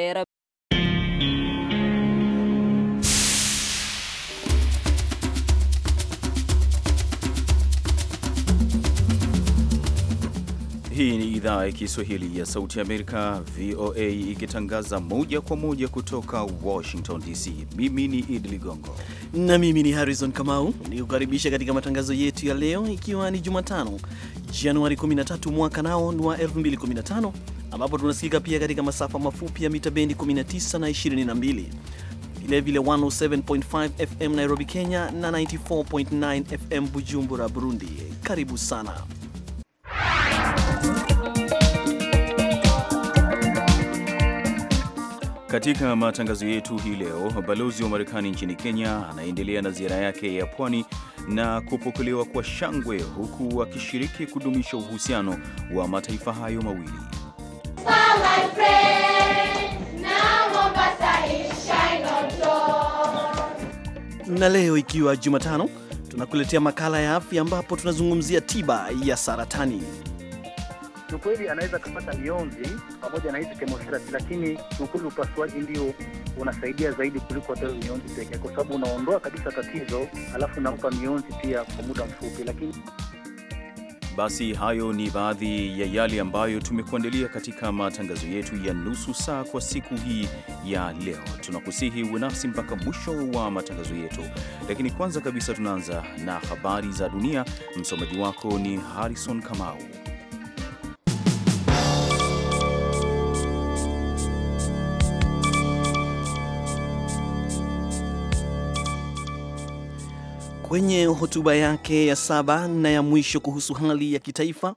era Hii ni idhaa ya Kiswahili ya Sauti ya Amerika, VOA, ikitangaza moja kwa moja kutoka Washington DC. Mimi ni Idi Ligongo na mimi ni Harrison Kamau, nikukaribisha katika matangazo yetu ya leo, ikiwa ni Jumatano Januari 13 mwaka nao ni wa 2015 ambapo tunasikika pia katika masafa mafupi ya mita bendi 19 na 22, vilevile 107.5 FM Nairobi, Kenya na 94.9 FM Bujumbura, Burundi. Karibu sana. Katika matangazo yetu hii leo, balozi wa Marekani nchini Kenya anaendelea na ziara yake ya pwani na kupokelewa kwa shangwe, huku akishiriki kudumisha uhusiano wa mataifa hayo mawili na leo ikiwa Jumatano, tunakuletea makala ya afya ambapo tunazungumzia tiba ya saratani. Kiukweli anaweza akapata mionzi pamoja na hizi kemotherapi, lakini kiukweli upasuaji ndio unasaidia zaidi kuliko hata mionzi pekee, kwa sababu unaondoa kabisa tatizo, alafu unampa mionzi pia kwa muda mfupi, lakini basi hayo ni baadhi ya yale ambayo tumekuandalia katika matangazo yetu ya nusu saa kwa siku hii ya leo. Tunakusihi uwe nasi mpaka mwisho wa matangazo yetu, lakini kwanza kabisa tunaanza na habari za dunia. Msomaji wako ni Harrison Kamau. Kwenye hotuba yake ya saba na ya mwisho kuhusu hali ya kitaifa,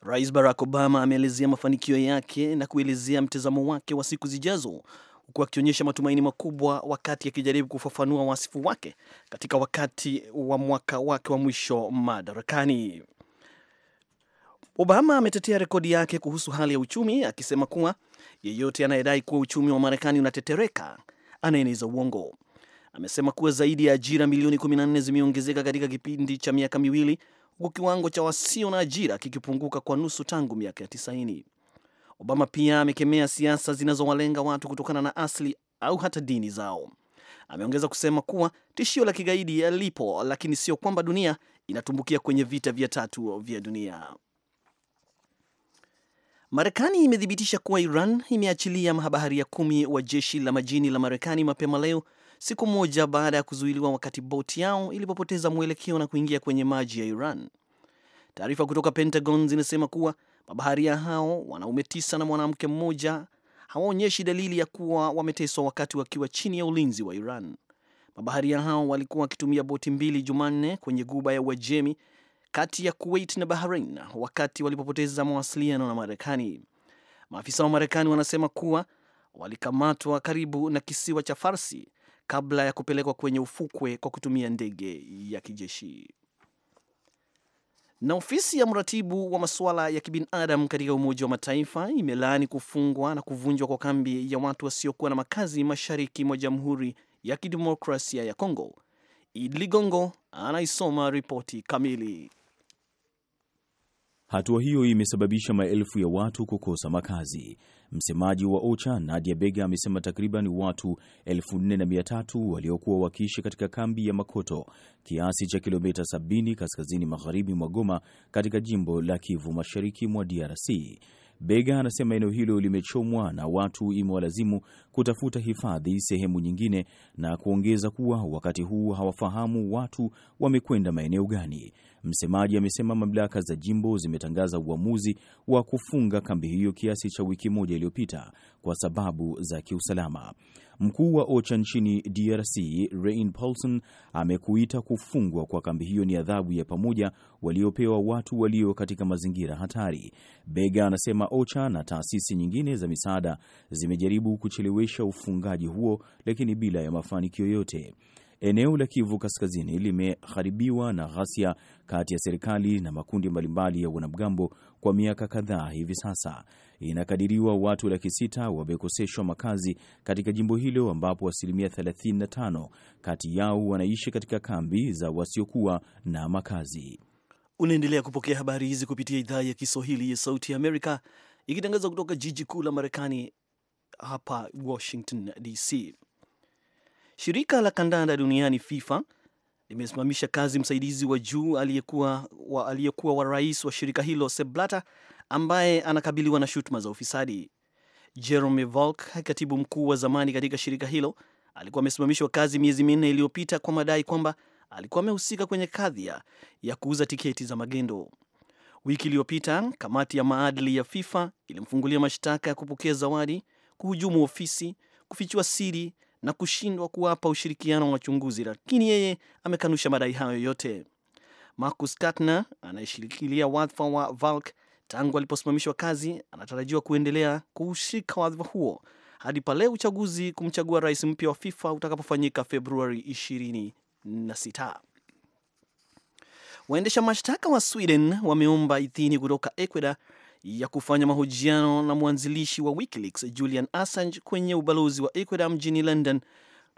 Rais Barack Obama ameelezea mafanikio yake na kuelezea mtazamo wake wa siku zijazo huku akionyesha matumaini makubwa wakati akijaribu kufafanua wasifu wake katika wakati wa mwaka wake wa mwisho madarakani. Obama ametetea rekodi yake kuhusu hali ya uchumi akisema kuwa yeyote anayedai kuwa uchumi wa Marekani unatetereka anaeneza uongo amesema kuwa zaidi ya ajira milioni 14 zimeongezeka katika kipindi cha miaka miwili huku kiwango cha wasio na ajira kikipunguka kwa nusu tangu miaka ya 90. Obama pia amekemea siasa zinazowalenga watu kutokana na asili au hata dini zao. Ameongeza kusema kuwa tishio la kigaidi yalipo, lakini sio kwamba dunia inatumbukia kwenye vita vya tatu vya dunia. Marekani imethibitisha kuwa Iran imeachilia mabaharia kumi wa jeshi la majini la Marekani mapema leo siku moja baada ya kuzuiliwa wakati boti yao ilipopoteza mwelekeo na kuingia kwenye maji ya Iran. Taarifa kutoka Pentagon zinasema kuwa mabaharia hao, wanaume tisa na mwanamke mmoja, hawaonyeshi dalili ya kuwa wameteswa wakati wakiwa chini ya ulinzi wa Iran. Mabaharia hao walikuwa wakitumia boti mbili Jumanne kwenye guba ya Uajemi kati ya Kuwait na Bahrain wakati walipopoteza mawasiliano na Marekani. Maafisa wa Marekani wanasema kuwa walikamatwa karibu na kisiwa cha Farsi kabla ya kupelekwa kwenye ufukwe kwa kutumia ndege ya kijeshi. Na ofisi ya mratibu wa masuala ya kibinadamu katika Umoja wa Mataifa imelaani kufungwa na kuvunjwa kwa kambi ya watu wasiokuwa na makazi mashariki mwa Jamhuri ya Kidemokrasia ya Kongo. Idi Ligongo anaisoma ripoti kamili. Hatua hiyo imesababisha maelfu ya watu kukosa makazi. Msemaji wa OCHA Nadia Bega amesema takriban watu 4300 waliokuwa wakiishi katika kambi ya Makoto, kiasi cha kilomita 70 kaskazini magharibi mwa Goma, katika jimbo la Kivu Mashariki mwa DRC Bega anasema eneo hilo limechomwa na watu imewalazimu kutafuta hifadhi sehemu nyingine, na kuongeza kuwa wakati huu hawafahamu watu wamekwenda maeneo gani. Msemaji amesema mamlaka za jimbo zimetangaza uamuzi wa kufunga kambi hiyo kiasi cha wiki moja iliyopita kwa sababu za kiusalama. Mkuu wa OCHA nchini DRC rain Paulson amekuita kufungwa kwa kambi hiyo ni adhabu ya pamoja waliopewa watu walio katika mazingira hatari. Bega anasema OCHA na taasisi nyingine za misaada zimejaribu kuchelewesha ufungaji huo, lakini bila ya mafanikio yote. Eneo la Kivu Kaskazini limeharibiwa na ghasia kati ya serikali na makundi mbalimbali ya wanamgambo kwa miaka kadhaa hivi sasa. Inakadiriwa watu laki sita wamekoseshwa makazi katika jimbo hilo, ambapo asilimia 35 kati yao wanaishi katika kambi za wasiokuwa na makazi. Unaendelea kupokea habari hizi kupitia idhaa ya Kiswahili ya Sauti ya Amerika, ikitangaza kutoka jiji kuu la Marekani hapa Washington DC. Shirika la kandanda duniani FIFA limesimamisha kazi msaidizi wa juu aliyekuwa wa, aliyekuwa wa rais wa shirika hilo Sepp Blatter ambaye anakabiliwa na shutuma za ufisadi. Jerome Volk, katibu mkuu wa zamani katika shirika hilo, alikuwa amesimamishwa kazi miezi minne iliyopita kwa madai kwamba alikuwa amehusika kwenye kadhia ya kuuza tiketi za magendo. Wiki iliyopita kamati ya maadili ya FIFA ilimfungulia mashtaka ya kupokea zawadi, kuhujumu ofisi, kufichua siri na kushindwa kuwapa ushirikiano wa wachunguzi, lakini yeye amekanusha madai hayo yote. Marcus Katner anayeshirikilia wadhifa wa Valk tangu aliposimamishwa kazi anatarajiwa kuendelea kuushika wadhifa huo hadi pale uchaguzi kumchagua rais mpya wa FIFA utakapofanyika Februari 26. Waendesha mashtaka wa Sweden wameomba idhini kutoka Ecuador ya kufanya mahojiano na mwanzilishi wa WikiLeaks Julian Assange kwenye ubalozi wa Ecuador mjini London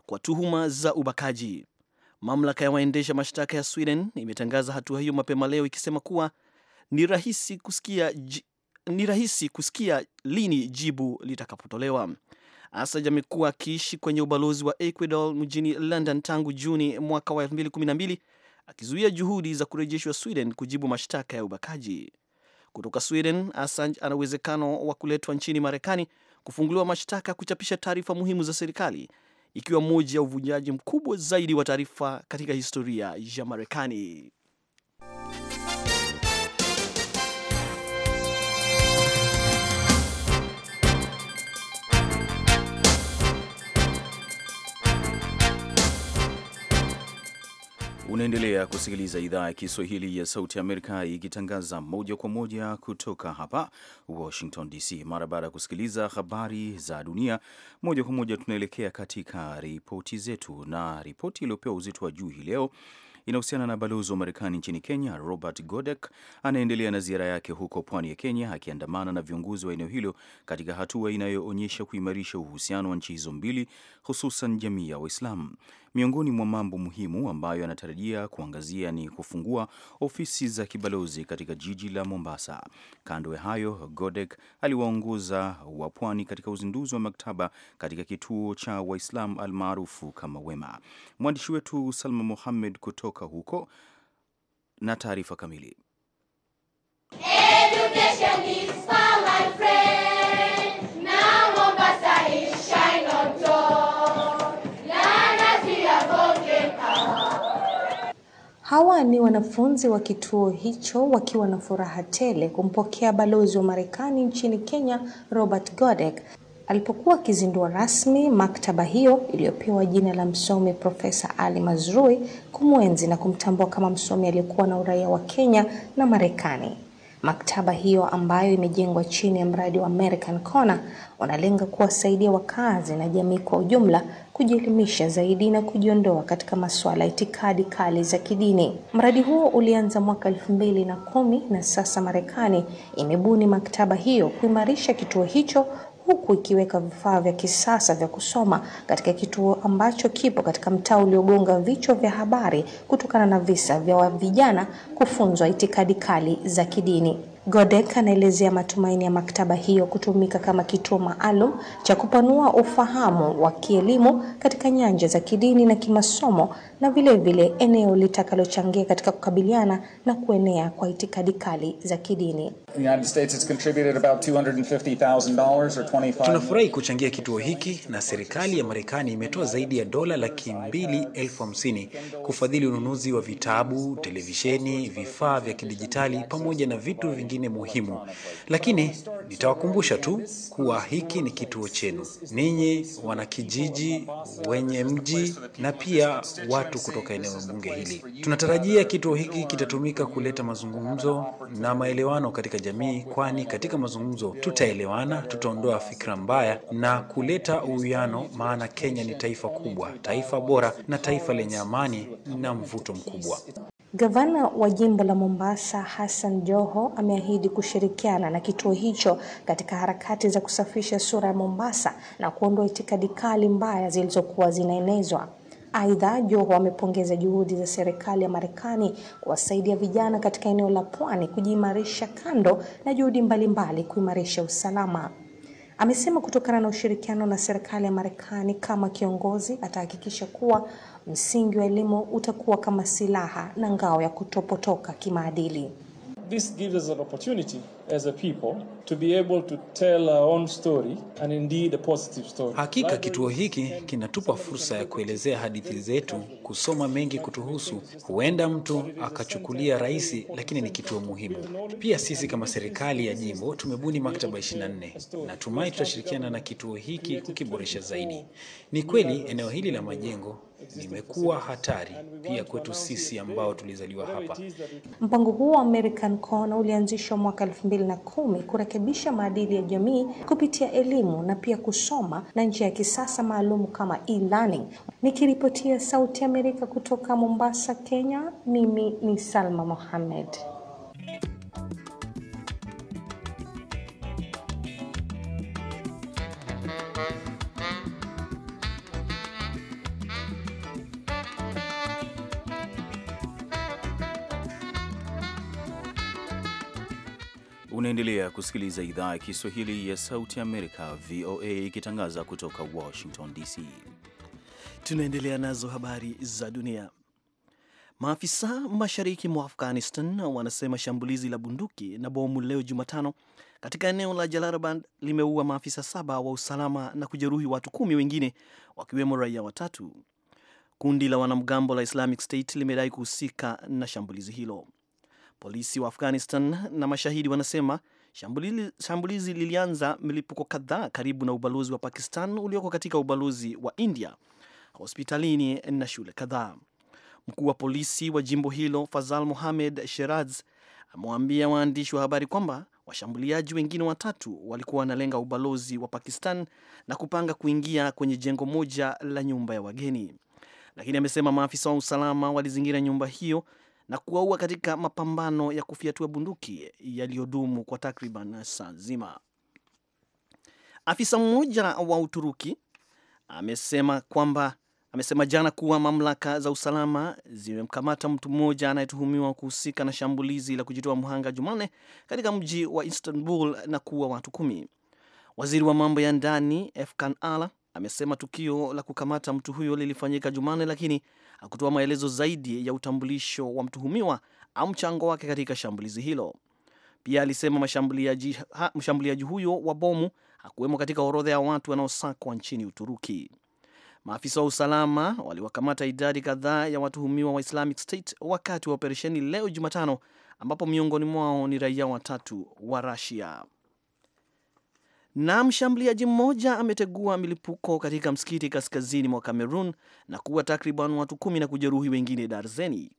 kwa tuhuma za ubakaji. Mamlaka ya waendesha mashtaka ya Sweden imetangaza hatua hiyo mapema leo ikisema kuwa ni rahisi kusikia, j... ni rahisi kusikia lini jibu litakapotolewa. Assange amekuwa akiishi kwenye ubalozi wa Ecuador mjini London tangu Juni mwaka wa 2012 akizuia juhudi za kurejeshwa Sweden kujibu mashtaka ya ubakaji kutoka Sweden, Assange ana uwezekano wa kuletwa nchini Marekani kufunguliwa mashtaka ya kuchapisha taarifa muhimu za serikali, ikiwa moja ya uvunjaji mkubwa zaidi wa taarifa katika historia ya Marekani. Unaendelea kusikiliza idhaa ya Kiswahili ya Sauti Amerika ikitangaza moja kwa moja kutoka hapa Washington DC. Mara baada ya kusikiliza habari za dunia moja kwa moja, tunaelekea katika ripoti zetu, na ripoti iliyopewa uzito wa juu hii leo inahusiana na balozi wa Marekani nchini Kenya Robert Godek anaendelea na ziara yake huko pwani ya Kenya akiandamana na viongozi wa eneo hilo katika hatua inayoonyesha kuimarisha uhusiano wa nchi hizo mbili, hususan jamii ya Waislamu. Miongoni mwa mambo muhimu ambayo anatarajia kuangazia ni kufungua ofisi za kibalozi katika jiji la Mombasa. Kando ya hayo, Godek aliwaongoza wa pwani katika uzinduzi wa maktaba katika kituo cha Waislam almaarufu kama Wema. Mwandishi wetu Salma Mohamed kutoka huko na taarifa kamili Education. Hawa ni wanafunzi wa kituo hicho wakiwa na furaha tele kumpokea balozi wa Marekani nchini Kenya Robert godek alipokuwa akizindua rasmi maktaba hiyo iliyopewa jina la msomi Profesa Ali Mazrui kumwenzi na kumtambua kama msomi aliyekuwa na uraia wa Kenya na Marekani. Maktaba hiyo ambayo imejengwa chini ya mradi wa American Corner unalenga kuwasaidia wakazi na jamii kwa ujumla kujielimisha zaidi na kujiondoa katika masuala ya itikadi kali za kidini. Mradi huo ulianza mwaka elfu mbili na kumi na sasa Marekani imebuni maktaba hiyo kuimarisha kituo hicho huku ikiweka vifaa vya kisasa vya kusoma katika kituo ambacho kipo katika mtaa uliogonga vichwa vya habari kutokana na visa vya vijana kufunzwa itikadi kali za kidini. Godek anaelezea matumaini ya maktaba hiyo kutumika kama kituo maalum cha kupanua ufahamu wa kielimu katika nyanja za kidini na kimasomo na vilevile vile eneo litakalochangia katika kukabiliana na kuenea kwa itikadi kali za kidini. Tunafurahi kuchangia kituo hiki na serikali ya Marekani imetoa zaidi ya dola laki mbili elfu hamsini kufadhili ununuzi wa vitabu, televisheni, vifaa vya kidijitali pamoja na vitu vingine mengine muhimu, lakini nitawakumbusha tu kuwa hiki ni kituo chenu ninyi wanakijiji, wenye mji na pia watu kutoka eneo bunge hili. Tunatarajia kituo hiki kitatumika kuleta mazungumzo na maelewano katika jamii, kwani katika mazungumzo tutaelewana, tutaondoa fikra mbaya na kuleta uwiano, maana Kenya ni taifa kubwa, taifa bora na taifa lenye amani na mvuto mkubwa. Gavana wa jimbo la Mombasa Hassan Joho ameahidi kushirikiana na kituo hicho katika harakati za kusafisha sura ya Mombasa na kuondoa itikadi kali mbaya zilizokuwa zinaenezwa. Aidha, Joho amepongeza juhudi za serikali ya Marekani kuwasaidia vijana katika eneo la pwani kujiimarisha, kando na juhudi mbalimbali kuimarisha usalama. Amesema kutokana na ushirikiano na serikali ya Marekani, kama kiongozi atahakikisha kuwa msingi wa elimu utakuwa kama silaha na ngao ya kutopotoka kimaadili. This gives us an opportunity as a people to be able to tell our own story and indeed a positive story. Hakika kituo hiki kinatupa fursa ya kuelezea hadithi zetu, kusoma mengi kutuhusu. Huenda mtu akachukulia rahisi, lakini ni kituo muhimu. Pia sisi kama serikali ya jimbo tumebuni maktaba 24. Natumai tutashirikiana na kituo hiki kukiboresha zaidi. Ni kweli eneo hili la majengo limekuwa hatari pia kwetu sisi ambao tulizaliwa hapa. Mpango huu wa American Corner ulianzishwa mwaka 2000 2010 kurekebisha maadili ya jamii kupitia elimu na pia kusoma na njia ya kisasa maalum kama e-learning. Nikiripotia Sauti Amerika kutoka Mombasa, Kenya, mimi ni Salma Mohamed. Unaendelea kusikiliza idhaa ya Kiswahili ya Sauti Amerika, VOA, ikitangaza kutoka Washington DC. Tunaendelea nazo habari za dunia. Maafisa mashariki mwa Afghanistan wanasema shambulizi la bunduki na bomu leo Jumatano katika eneo la Jalalabad limeua maafisa saba wa usalama na kujeruhi watu kumi wengine wakiwemo raia watatu. Kundi la wanamgambo la Islamic State limedai kuhusika na shambulizi hilo. Polisi wa Afghanistan na mashahidi wanasema shambulizi, shambulizi lilianza milipuko kadhaa karibu na ubalozi wa Pakistan ulioko katika ubalozi wa India, hospitalini na shule kadhaa. Mkuu wa polisi wa jimbo hilo Fazal muhamed Sheraz amewaambia waandishi wa habari kwamba washambuliaji wengine watatu walikuwa wanalenga ubalozi wa Pakistan na kupanga kuingia kwenye jengo moja la nyumba ya wageni, lakini amesema maafisa wa usalama walizingira nyumba hiyo na kuwaua katika mapambano ya kufiatua bunduki yaliyodumu kwa takriban saa nzima. Afisa mmoja wa Uturuki amesema kwamba amesema jana kuwa mamlaka za usalama zimemkamata mtu mmoja anayetuhumiwa kuhusika na shambulizi la kujitoa mhanga Jumanne katika mji wa Istanbul na kuua watu kumi. Waziri wa mambo ya ndani Efkan Ala amesema tukio la kukamata mtu huyo lilifanyika Jumanne, lakini hakutoa maelezo zaidi ya utambulisho wa mtuhumiwa au mchango wake katika shambulizi hilo. Pia alisema mshambuliaji huyo wa bomu hakuwemo katika orodha ya watu wanaosakwa nchini Uturuki. Maafisa wa usalama waliwakamata idadi kadhaa ya watuhumiwa wa Islamic State wakati wa operesheni leo Jumatano, ambapo miongoni mwao ni raia watatu wa Rusia. Na mshambuliaji mmoja ametegua milipuko katika msikiti kaskazini mwa cameron na kuwa takriban watu kumi na kujeruhi wengine darzeni.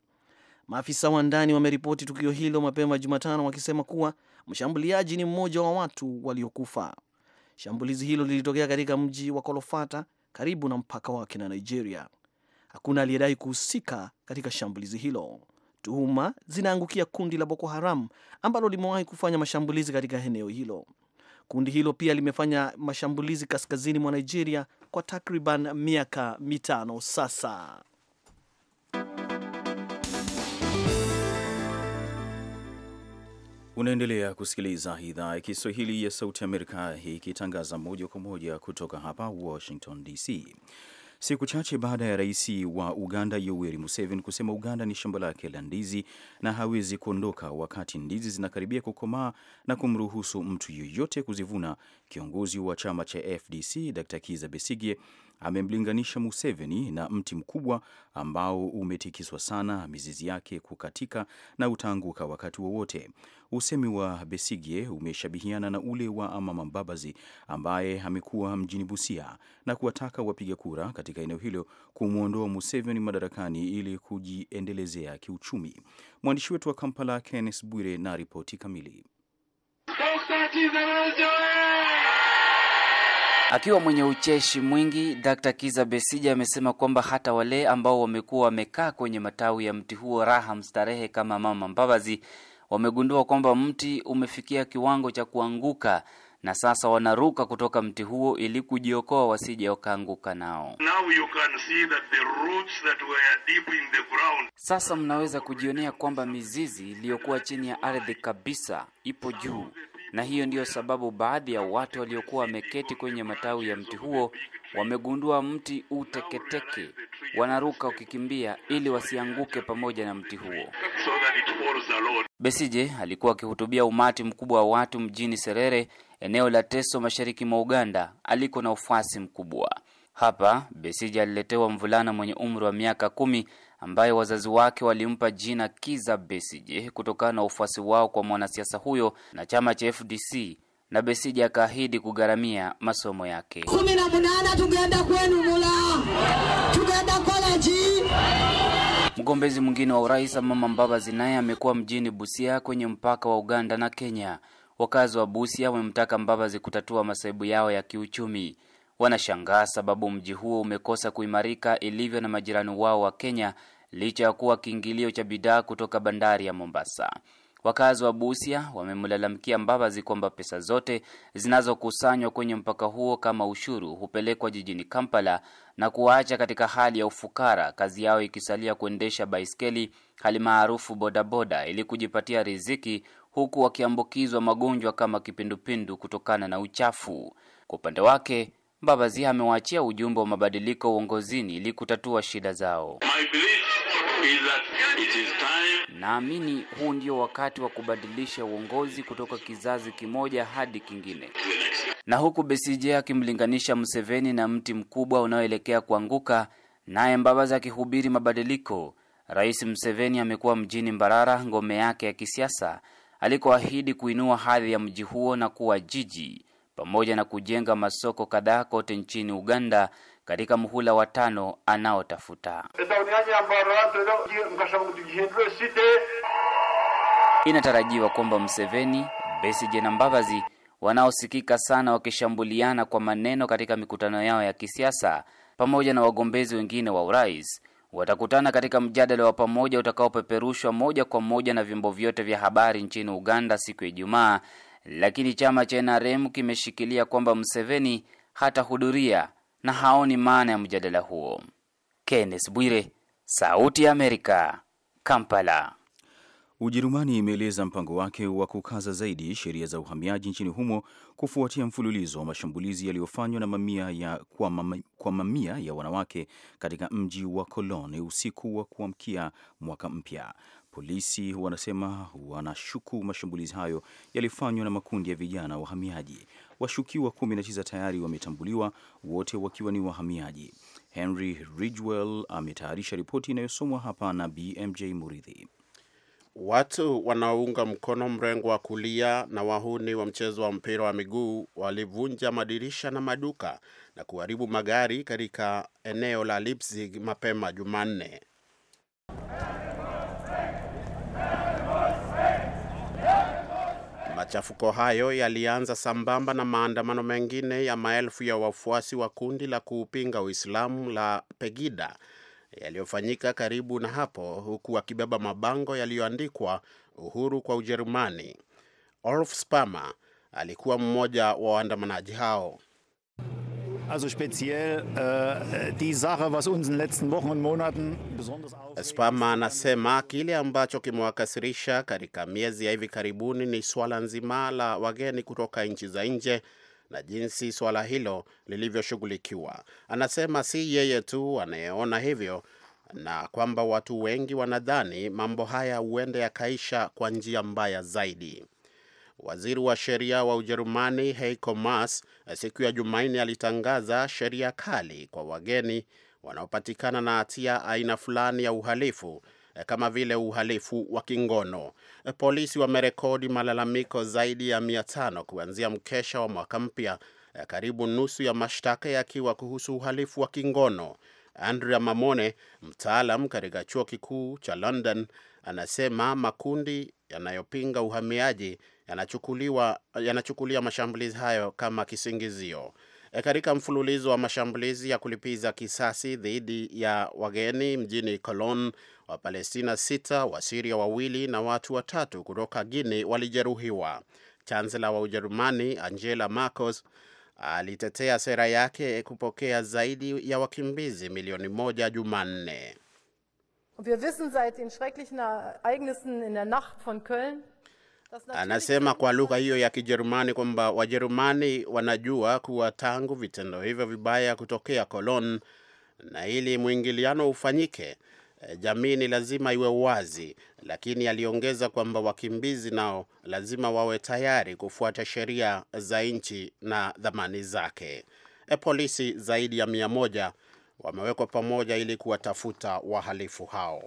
Maafisa wa ndani wameripoti tukio hilo mapema Jumatano wakisema kuwa mshambuliaji ni mmoja wa watu waliokufa. Shambulizi hilo lilitokea katika mji wa Kolofata karibu na mpaka wake na Nigeria. Hakuna aliyedai kuhusika katika shambulizi hilo. Tuhuma zinaangukia kundi la Boko Haram ambalo limewahi kufanya mashambulizi katika eneo hilo. Kundi hilo pia limefanya mashambulizi kaskazini mwa Nigeria kwa takriban miaka mitano sasa. Unaendelea kusikiliza idhaa ya Kiswahili ya Sauti Amerika ikitangaza moja kwa moja kutoka hapa Washington DC siku chache baada ya rais wa Uganda Yoweri Museveni kusema Uganda ni shamba lake la ndizi na hawezi kuondoka wakati ndizi zinakaribia kukomaa na kumruhusu mtu yoyote kuzivuna. Kiongozi wa chama cha FDC Dr. Kiza Besigye amemlinganisha Museveni na mti mkubwa ambao umetikiswa sana, mizizi yake kukatika na utaanguka wakati wowote. Usemi wa Besigye umeshabihiana na ule wa Amama Mbabazi ambaye amekuwa mjini Busia na kuwataka wapiga kura katika eneo hilo kumwondoa Museveni madarakani ili kujiendelezea kiuchumi. Mwandishi wetu wa Kampala Kenneth Bwire na ripoti kamili. Akiwa mwenye ucheshi mwingi, Dr. Kiza Besija amesema kwamba hata wale ambao wamekuwa wamekaa kwenye matawi ya mti huo raha mstarehe kama mama Mbabazi wamegundua kwamba mti umefikia kiwango cha kuanguka na sasa wanaruka kutoka mti huo ili kujiokoa wasije wakaanguka nao. Sasa mnaweza kujionea kwamba mizizi iliyokuwa chini ya ardhi kabisa ipo juu na hiyo ndiyo sababu baadhi ya watu waliokuwa wameketi kwenye matawi ya mti huo wamegundua mti uteketeke, wanaruka wakikimbia ili wasianguke pamoja na mti huo. Besije alikuwa akihutubia umati mkubwa wa watu mjini Serere, eneo la Teso, mashariki mwa Uganda, aliko na ufuasi mkubwa. Hapa Besije aliletewa mvulana mwenye umri wa miaka kumi ambaye wazazi wake walimpa jina Kiza Besije kutokana na ufuasi wao kwa mwanasiasa huyo na chama cha FDC na Besije akaahidi kugharamia masomo yake. kumi na munana tugenda kwenu mula tugenda Mgombezi mwingine wa urais Amama Mbabazi naye amekuwa mjini Busia kwenye mpaka wa Uganda na Kenya. Wakazi wa Busia wamemtaka Mbabazi kutatua masaibu yao ya kiuchumi wanashangaa sababu mji huo umekosa kuimarika ilivyo na majirani wao wa Kenya licha ya kuwa kiingilio cha bidhaa kutoka bandari ya Mombasa. Wakazi wa Busia wamemlalamikia Mbabazi kwamba pesa zote zinazokusanywa kwenye mpaka huo kama ushuru hupelekwa jijini Kampala na kuwaacha katika hali ya ufukara, kazi yao ikisalia kuendesha baiskeli hali maarufu bodaboda ili kujipatia riziki, huku wakiambukizwa magonjwa kama kipindupindu kutokana na uchafu. Kwa upande wake Mbabazi amewaachia ujumbe wa mabadiliko uongozini ili kutatua shida zao. Naamini huu ndio wakati wa kubadilisha uongozi kutoka kizazi kimoja hadi kingine. Na huku besije akimlinganisha Museveni na mti mkubwa unaoelekea kuanguka, naye Mbabazi akihubiri mabadiliko, Rais Museveni amekuwa mjini Mbarara, ngome yake ya kisiasa, alikoahidi kuinua hadhi ya mji huo na kuwa jiji pamoja na kujenga masoko kadhaa kote nchini Uganda katika muhula wa tano anaotafuta. Inatarajiwa kwamba mseveni Besigye na Mbabazi wanaosikika sana wakishambuliana kwa maneno katika mikutano yao ya kisiasa pamoja na wagombezi wengine wa urais watakutana katika mjadala wa pamoja utakaopeperushwa moja kwa moja na vyombo vyote vya habari nchini Uganda siku ya Ijumaa lakini chama cha NRM kimeshikilia kwamba mseveni hatahudhuria na haoni maana ya mjadala huo. Kenneth Bwire, Sauti ya Amerika, Kampala. Ujerumani imeeleza mpango wake wa kukaza zaidi sheria za uhamiaji nchini humo kufuatia mfululizo wa mashambulizi yaliyofanywa na mamia ya, kwa, mama, kwa mamia ya wanawake katika mji wa Cologne usiku wa kuamkia mwaka mpya. Polisi wanasema wanashuku mashambulizi hayo yalifanywa na makundi ya vijana wahamiaji. Washukiwa 19 tayari wametambuliwa, wote wakiwa ni wahamiaji. Henry Ridgewell ametayarisha ripoti inayosomwa hapa na BMJ Muridhi. Watu wanaounga mkono mrengo wa kulia na wahuni wa mchezo wa mpira wa miguu walivunja madirisha na maduka na kuharibu magari katika eneo la Leipzig mapema Jumanne. Machafuko hayo yalianza sambamba na maandamano mengine ya maelfu ya wafuasi wa kundi la kuupinga Uislamu la Pegida yaliyofanyika karibu na hapo, huku wakibeba mabango yaliyoandikwa uhuru kwa Ujerumani. Olaf Spama alikuwa mmoja wa waandamanaji hao. Also speziell äh, die Sache, was uns in den letzten Wochen und Monaten besonders Spama anasema kile ambacho kimewakasirisha katika miezi ya hivi karibuni ni swala nzima la wageni kutoka nchi za nje na jinsi swala hilo lilivyoshughulikiwa. Anasema si yeye tu anayeona hivyo na kwamba watu wengi wanadhani mambo haya huende yakaisha kwa njia mbaya zaidi. Waziri wa sheria wa Ujerumani Heiko Maas siku ya Jumanne alitangaza sheria kali kwa wageni wanaopatikana na hatia aina fulani ya uhalifu eh, kama vile uhalifu wa kingono. Eh, polisi wamerekodi malalamiko zaidi ya mia tano kuanzia mkesha wa mwaka mpya, eh, karibu nusu ya mashtaka yakiwa kuhusu uhalifu wa kingono. Andrea Mamone, mtaalam katika chuo kikuu cha London, anasema makundi yanayopinga uhamiaji yanachukuliwa yanachukulia mashambulizi hayo kama kisingizio. E, katika mfululizo wa mashambulizi ya kulipiza kisasi dhidi ya wageni mjini Cologne, Wapalestina sita, Wasiria wawili na watu watatu kutoka Guinea walijeruhiwa. Chansela wa Ujerumani Angela Merkel alitetea sera yake kupokea zaidi ya wakimbizi milioni moja Jumanne. Anasema kwa lugha hiyo ya Kijerumani kwamba Wajerumani wanajua kuwa tangu vitendo hivyo vibaya kutokea Cologne, na ili mwingiliano ufanyike, eh, jamii ni lazima iwe wazi. Lakini aliongeza kwamba wakimbizi nao lazima wawe tayari kufuata sheria za nchi na dhamani zake. E, polisi zaidi ya mia moja wamewekwa pamoja ili kuwatafuta wahalifu hao.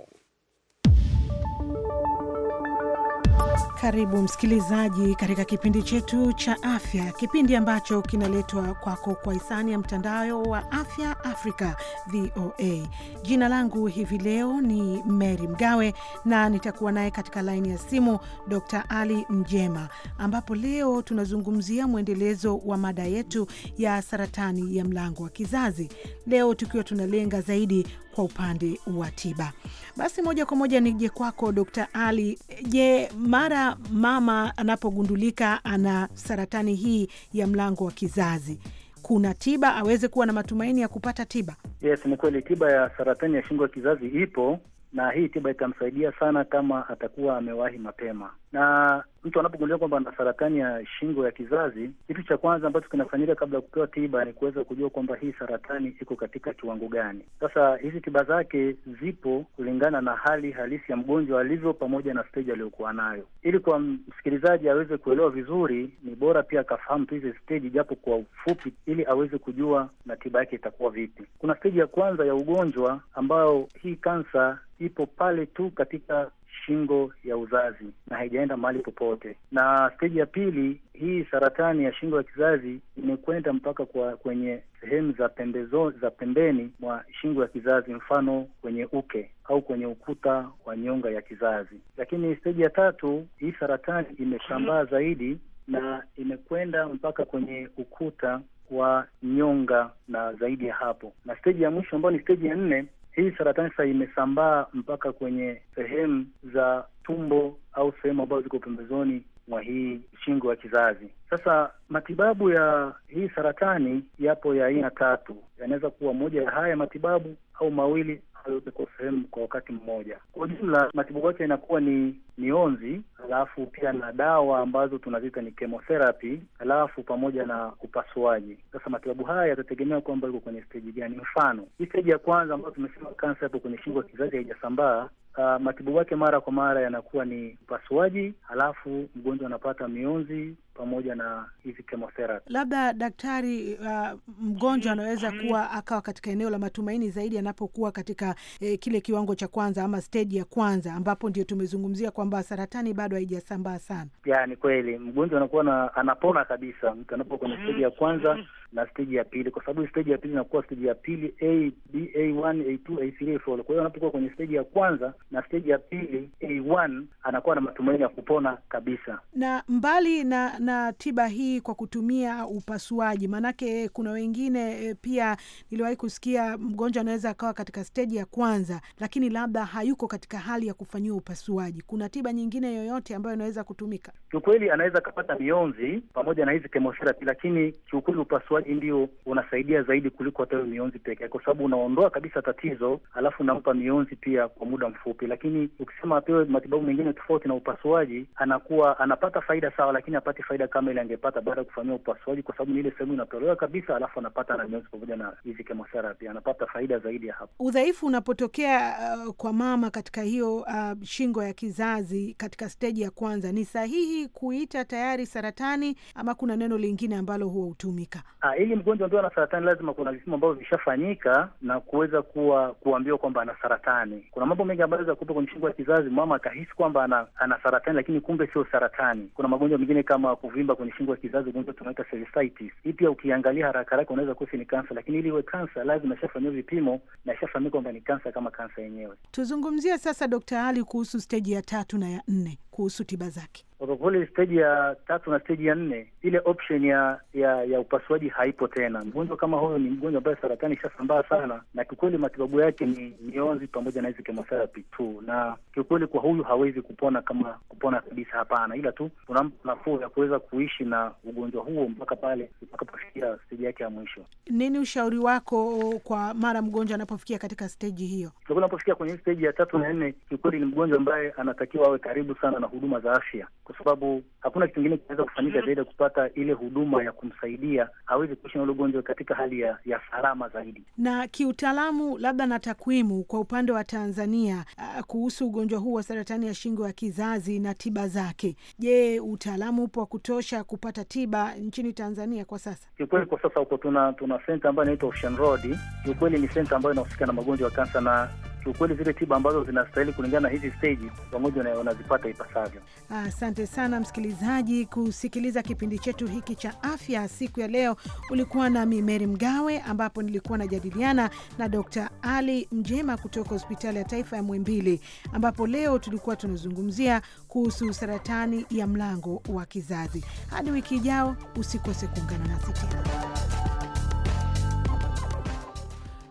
Karibu msikilizaji katika kipindi chetu cha afya, kipindi ambacho kinaletwa kwako kwa hisani ya mtandao wa afya Afrika, VOA. Jina langu hivi leo ni Mary Mgawe na nitakuwa naye katika laini ya simu Dr Ali Mjema, ambapo leo tunazungumzia mwendelezo wa mada yetu ya saratani ya mlango wa kizazi, leo tukiwa tunalenga zaidi kwa upande wa tiba. Basi moja kwa moja nije kwako Dr Ali. Je, mara mama anapogundulika ana saratani hii ya mlango wa kizazi kuna tiba aweze kuwa na matumaini ya kupata tiba? Yes, ni kweli tiba ya saratani ya shingo ya kizazi ipo, na hii tiba itamsaidia sana kama atakuwa amewahi mapema. Na mtu anapogundua kwamba ana saratani ya shingo ya kizazi, kitu cha kwanza ambacho kinafanyika kabla ya kupewa tiba ni kuweza kujua kwamba hii saratani iko katika kiwango gani. Sasa hizi tiba zake zipo kulingana na hali halisi ya mgonjwa alivyo, pamoja na stage aliyokuwa nayo. Ili kwa msikilizaji aweze kuelewa vizuri, ni bora pia akafahamu tu hizi stage japo kwa ufupi, ili aweze kujua na tiba yake itakuwa vipi. Kuna stage ya kwanza ya ugonjwa ambayo hii kansa ipo pale tu katika shingo ya uzazi na haijaenda mahali popote. Na steji ya pili, hii saratani ya shingo ya kizazi imekwenda mpaka kwa kwenye sehemu za pembezo za pembeni mwa shingo ya kizazi, mfano kwenye uke au kwenye ukuta wa nyonga ya kizazi. Lakini steji ya tatu, hii saratani imesambaa zaidi na imekwenda mpaka kwenye ukuta wa nyonga na zaidi ya hapo. Na steji ya mwisho ambayo ni steji ya nne, hii saratani sasa imesambaa mpaka kwenye sehemu za tumbo au sehemu ambazo ziko pembezoni mwa hii shingo ya kizazi. Sasa matibabu ya hii saratani yapo ya aina tatu, yanaweza kuwa moja ya haya matibabu au mawili hayo yote kwa sehemu kwa wakati mmoja. Kwa ujumla, matibabu yake inakuwa ni mionzi, alafu pia na dawa ambazo tunaziita ni chemotherapy, alafu pamoja na upasuaji. Sasa matibabu haya yatategemea kwamba iko kwenye steji gani. Mfano, hii steji ya kwanza ambayo tumesema kansa hapo kwenye shingo ya kizazi haijasambaa Uh, matibabu yake mara kwa mara yanakuwa ni upasuaji, halafu mgonjwa anapata mionzi pamoja na hizi chemotherapy. Labda daktari, uh, mgonjwa anaweza mm-hmm. kuwa akawa katika eneo la matumaini zaidi anapokuwa katika eh, kile kiwango cha kwanza ama stage ya kwanza, ambapo ndio tumezungumzia kwamba saratani bado haijasambaa sana. Ya, ni kweli mgonjwa anakuwa na, anapona kabisa mtu anapo kwenye stage ya kwanza mm-hmm. na stage ya pili, kwa sababu stage ya pili inakuwa stage ya pili A, B, A1, A2, A3, A4. Kwa hiyo anapokuwa kwenye stage ya kwanza na stage ya pili A1 anakuwa na matumaini ya kupona kabisa. Na mbali na na tiba hii kwa kutumia upasuaji? Maanake eh, kuna wengine eh, pia niliwahi kusikia mgonjwa anaweza akawa katika steji ya kwanza, lakini labda hayuko katika hali ya kufanyiwa upasuaji. Kuna tiba nyingine yoyote ambayo inaweza kutumika? Kiukweli anaweza akapata mionzi pamoja na hizi kemotherapi, lakini kiukweli upasuaji ndio unasaidia zaidi kuliko hata mionzi peke yake, kwa sababu unaondoa kabisa tatizo, alafu unampa mionzi pia kwa muda mfupi. Lakini ukisema apewe matibabu mengine tofauti na upasuaji, anakuwa anapata faida sawa, lakini apati faida kawaida kama ile angepata baada ya kufanyia upasuaji, kwa sababu ni ile sehemu inatolewa kabisa, alafu anapata na pamoja na hizi chemotherapy, anapata faida zaidi ya hapo. Udhaifu unapotokea uh, kwa mama katika hiyo uh, shingo ya kizazi katika steji ya kwanza, ni sahihi kuita tayari saratani ama kuna neno lingine ambalo huwa hutumika? Ah, ili mgonjwa ambaye ana saratani lazima kuna vipimo ambavyo vishafanyika na kuweza kuwa kuambiwa kwamba ana saratani. Kuna mambo mengi ambayo za kupa kwenye shingo ya kizazi, mama akahisi kwamba ana, ana saratani, lakini kumbe sio saratani. Kuna magonjwa mengine kama kuvimba kwenye shingo ya kizazi, ugonjwa tunaita cervicitis. Hii pia ukiangalia haraka haraka unaweza kuhisi ni kansa, lakini ili iwe kansa lazima ishafanyiwa vipimo na ishafahamika kwamba ni kansa kama kansa yenyewe. Tuzungumzie sasa, Dokta Ali, kuhusu steji ya tatu na ya nne, kuhusu tiba zake. Wakakule stage ya tatu na stage ya nne, ile option ya ya, ya upasuaji haipo tena. Mgonjwa kama huyo ni mgonjwa ambaye saratani ishasambaa sana, na kiukweli matibabu yake ni mionzi pamoja na hizi chemotherapy tu, na kiukweli kwa huyu hawezi kupona kama kupona kabisa, hapana, ila tu unampa nafuu ya kuweza kuishi na ugonjwa huo mpaka pale utakapofikia stage yake ya mwisho. Nini ushauri wako kwa mara mgonjwa anapofikia katika stage hiyo? Unapofikia kwenye stage ya tatu na nne, kiukweli ni mgonjwa ambaye anatakiwa awe karibu sana na huduma za afya kwa sababu hakuna kitu kingine kinaweza kufanyika zaidi ya kupata ile huduma ya kumsaidia aweze kuishi na ule ugonjwa katika hali ya, ya salama zaidi. Na kiutaalamu, labda na takwimu kwa upande wa Tanzania uh, kuhusu ugonjwa huu wa saratani ya shingo ya kizazi na tiba zake. Je, utaalamu upo wa kutosha kupata tiba nchini Tanzania kwa sasa? Kiukweli kwa sasa huko tuna tuna senta ambayo inaitwa Ocean Road. Kiukweli ni senta ambayo inahusika na magonjwa ya kansa na kiukweli zile tiba ambazo zinastahili kulingana na hizi steji pamoja wanazipata ipasavyo. Asante ah, sana msikilizaji kusikiliza kipindi chetu hiki cha afya siku ya leo. Ulikuwa nami Meri Mgawe, ambapo nilikuwa najadiliana na Dr. Ali Mjema kutoka hospitali ya taifa ya mwembili ambapo leo tulikuwa tunazungumzia kuhusu saratani ya mlango wa kizazi. Hadi wiki ijao, usikose kuungana nasi tena.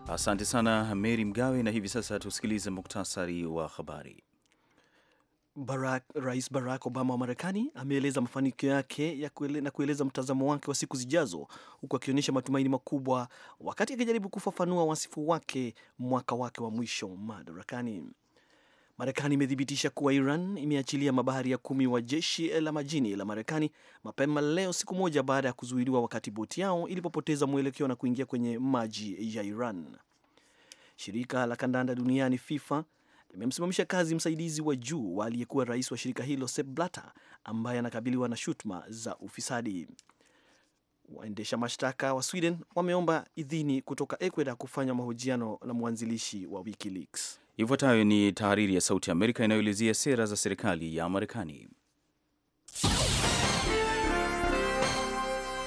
Asante sana Mary Mgawe, na hivi sasa tusikilize muktasari wa habari. Barack, Rais Barack Obama wa Marekani ameeleza mafanikio yake ya kuele, na kueleza mtazamo wake wa siku zijazo huku akionyesha matumaini makubwa wakati akijaribu kufafanua wasifu wake mwaka wake wa mwisho madarakani. Marekani imethibitisha kuwa Iran imeachilia mabaharia kumi wa jeshi la majini la Marekani mapema leo, siku moja baada ya kuzuiliwa wakati boti yao ilipopoteza mwelekeo na kuingia kwenye maji ya Iran. Shirika la kandanda duniani FIFA limemsimamisha kazi msaidizi wa juu wa aliyekuwa rais wa shirika hilo Sepp Blatter ambaye anakabiliwa na shutuma za ufisadi. Waendesha mashtaka wa Sweden wameomba idhini kutoka Ecuador kufanya mahojiano na mwanzilishi wa WikiLeaks. Ifuatayo ni tahariri ya Sauti Amerika inayoelezea sera za serikali ya Marekani.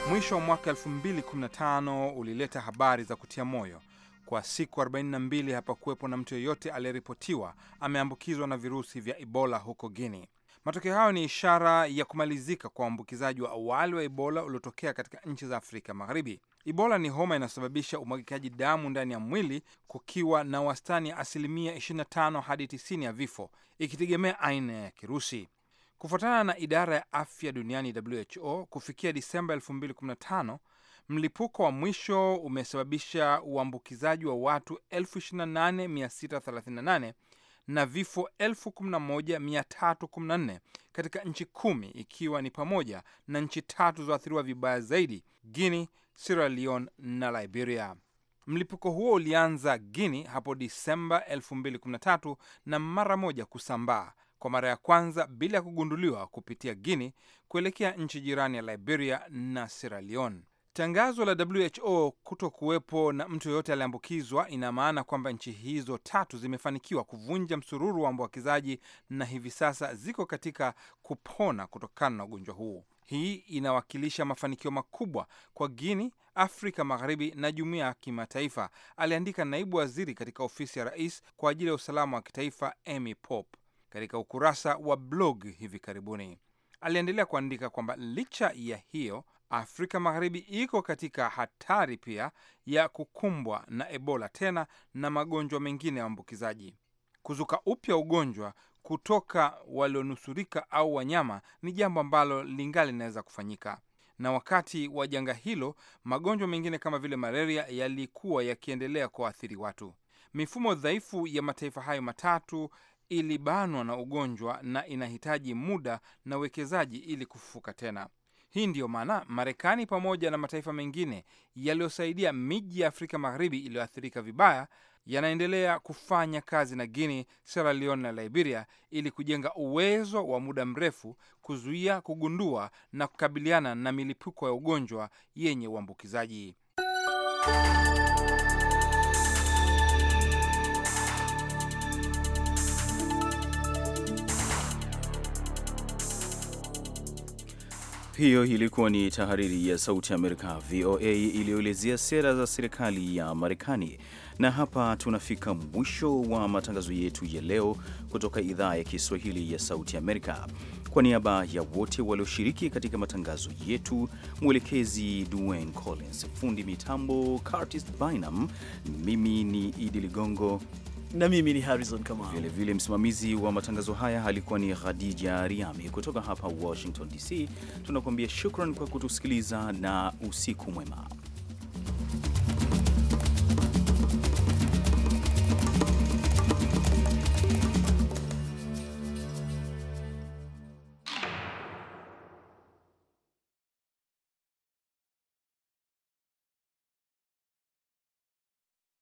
Mwisho wa mwaka 2015 ulileta habari za kutia moyo. Kwa siku 42 hapakuwepo na mtu yeyote aliyeripotiwa ameambukizwa na virusi vya Ebola huko Guinea. Matokeo hayo ni ishara ya kumalizika kwa uambukizaji wa awali wa Ebola uliotokea katika nchi za Afrika Magharibi. Ebola ni homa inayosababisha umwagikaji damu ndani ya mwili, kukiwa na wastani ya asilimia 25 hadi 90 ya vifo, ikitegemea aina ya kirusi. Kufuatana na idara ya afya duniani WHO, kufikia Disemba 2015 mlipuko wa mwisho umesababisha uambukizaji wa watu 28638 na vifo 11314 katika nchi kumi ikiwa ni pamoja na nchi tatu zoathiriwa vibaya zaidi: Guinea, Sierra Leone na Liberia. Mlipuko huo ulianza Guinea hapo Disemba 213 na mara moja kusambaa kwa mara ya kwanza bila ya kugunduliwa kupitia Guinea kuelekea nchi jirani ya Liberia na Sierra Leone. Tangazo la WHO kuto kuwepo na mtu yoyote aliambukizwa ina maana kwamba nchi hizo tatu zimefanikiwa kuvunja msururu wa mbwakizaji na hivi sasa ziko katika kupona kutokana na ugonjwa huu. Hii inawakilisha mafanikio makubwa kwa Guini, Afrika Magharibi na jumuiya ya kimataifa, aliandika naibu waziri katika ofisi ya rais kwa ajili ya usalama wa kitaifa Amy Pope katika ukurasa wa blog hivi karibuni. Aliendelea kuandika kwamba licha ya hiyo, Afrika Magharibi iko katika hatari pia ya kukumbwa na Ebola tena na magonjwa mengine ya uambukizaji. Kuzuka upya ugonjwa kutoka walionusurika au wanyama ni jambo ambalo lingali linaweza kufanyika na wakati wa janga hilo magonjwa mengine kama vile malaria yalikuwa yakiendelea kuwaathiri watu. Mifumo dhaifu ya mataifa hayo matatu ilibanwa na ugonjwa na inahitaji muda na uwekezaji ili kufufuka tena. Hii ndiyo maana Marekani pamoja na mataifa mengine yaliyosaidia miji ya Afrika Magharibi iliyoathirika vibaya yanaendelea kufanya kazi na Guinea, Sierra Leone na Liberia ili kujenga uwezo wa muda mrefu kuzuia, kugundua na kukabiliana na milipuko ya ugonjwa yenye uambukizaji. Hiyo ilikuwa ni tahariri ya Sauti ya Amerika, VOA, iliyoelezea sera za serikali ya Marekani. Na hapa tunafika mwisho wa matangazo yetu ya leo kutoka idhaa ya Kiswahili ya Sauti Amerika. Kwa niaba ya wote walioshiriki katika matangazo yetu, mwelekezi duan Collins, fundi mitambo Curtis Bynum, mimi ni Idi Ligongo na mimi ni Harrison Kamau. Vile vile msimamizi wa matangazo haya alikuwa ni Khadija Riami kutoka hapa Washington DC. Tunakuambia shukran kwa kutusikiliza na usiku mwema.